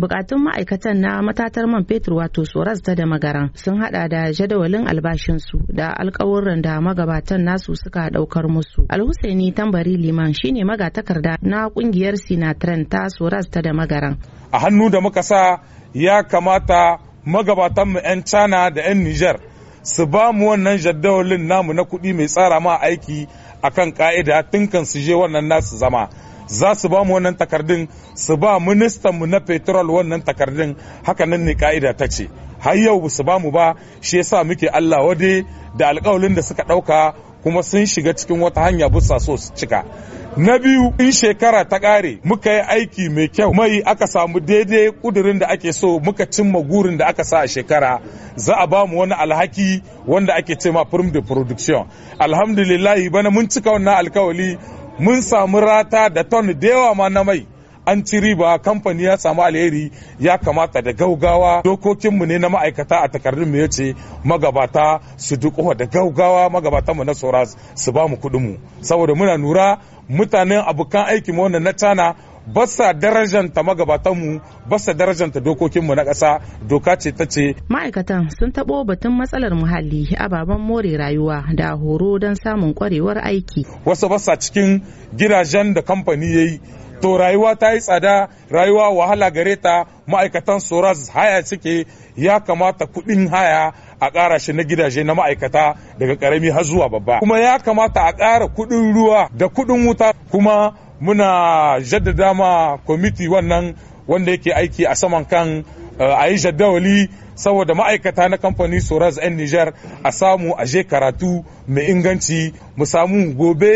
bukatun ma'aikatan na matatar man fetur wato Soras ta da magaran sun hada da jadawalin albashinsu da alkawurran da magabatan nasu suka daukar musu alhusaini tambari liman shine magatakarda na kungiyar Sinatran ta Soras ta da magaran a hannu da muka sa ya kamata magabatan mu 'yan cana da 'yan niger su ba mu wannan jadawalin namu na kuɗi mai tsara ma aiki akan ka'ida tunkan su je wannan nasu zama za su ba mu wannan takardun su ba ministan mu na petrol wannan takardun haka nan ne ka'ida ta ce har yau su ba mu ba shi yasa muke Allah wade da alƙawalin da suka ɗauka kuma sun shiga cikin wata hanya busa so su cika na biyu in shekara ta ƙare muka yi aiki mai kyau mai aka samu daidai kudurin da ake so muka cimma gurin da aka sa a shekara za a bamu wani alhaki wanda ake ce ma firm de production alhamdulillahi bana mun cika wannan alkawali mun samu rata da ton da yawa ma na mai an ci riba kamfani ya samu alheri ya kamata da gaugawa dokokinmu ne na ma'aikata a takardun mu yace magabata su dukowa da gaugawa magabata mu na tsora su ba mu kuɗin mu saboda muna nura mutanen abokan aikin mu na cana ba sa darajanta magabatanmu ba sa darajanta dokokinmu na ƙasa doka ce ta ce. Ma'aikatan sun taɓo batun matsalar muhalli ababen more rayuwa da horo don samun kwarewar aiki. Wasu ba sa cikin gidajen da kamfani yayi to rayuwa ta yi tsada rayuwa wahala gare ta ma'aikatan soras haya suke ya kamata kuɗin haya a ƙara shi na gidaje na ma'aikata daga ƙarami har zuwa babba kuma ya kamata a ƙara kuɗin ruwa da kuɗin wuta kuma muna jaddada ma kwamiti wannan wanda yake aiki a saman kan Eh, a yi jadawali saboda ma'aikata na kamfani soraz 'yan nijar a samu a je karatu mai inganci mu samu gobe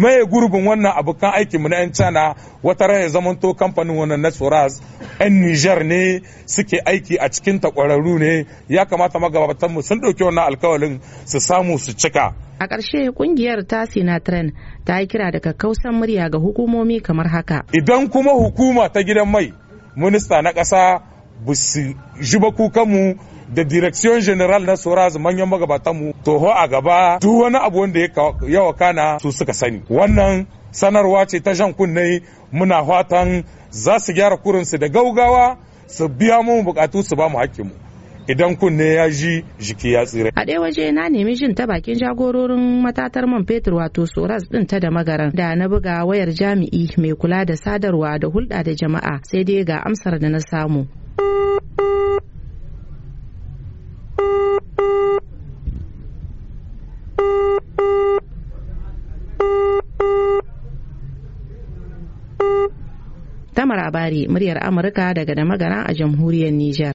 maye gurbin wannan abokan aikin mu na 'yan cana wata ran ya zamanto kamfanin wannan na soraz 'yan nijar ne suke aiki a cikin takwararru ne ya kamata magabatan mu sun ɗauki wannan alkawalin su samu su cika a ƙarshe kungiyar ta sinatren ta yi kira daga kausan murya ga hukumomi kamar haka idan kuma hukuma ta gidan mai minista na ƙasa ba su ji ba kukanmu da direction general na soraz manyan magabatanmu toho a gaba duk wani abu wanda ya wakana su suka sani wannan sanarwa ce ta jan kunne muna fatan za su gyara kurinsu da gaugawa su biya mu bukatu su ba mu hakkinmu idan kunne ya ji jiki ya tsira. A ɗaya waje na nemi jin ta bakin jagororin matatar man fetur wato Soras ɗin ta da magaran da na buga wayar jami'i mai kula da sadarwa da hulɗa da jama'a sai dai ga amsar da na samu. Tamar Abari, muryar Amurka daga da magana a jamhuriyar Nijar.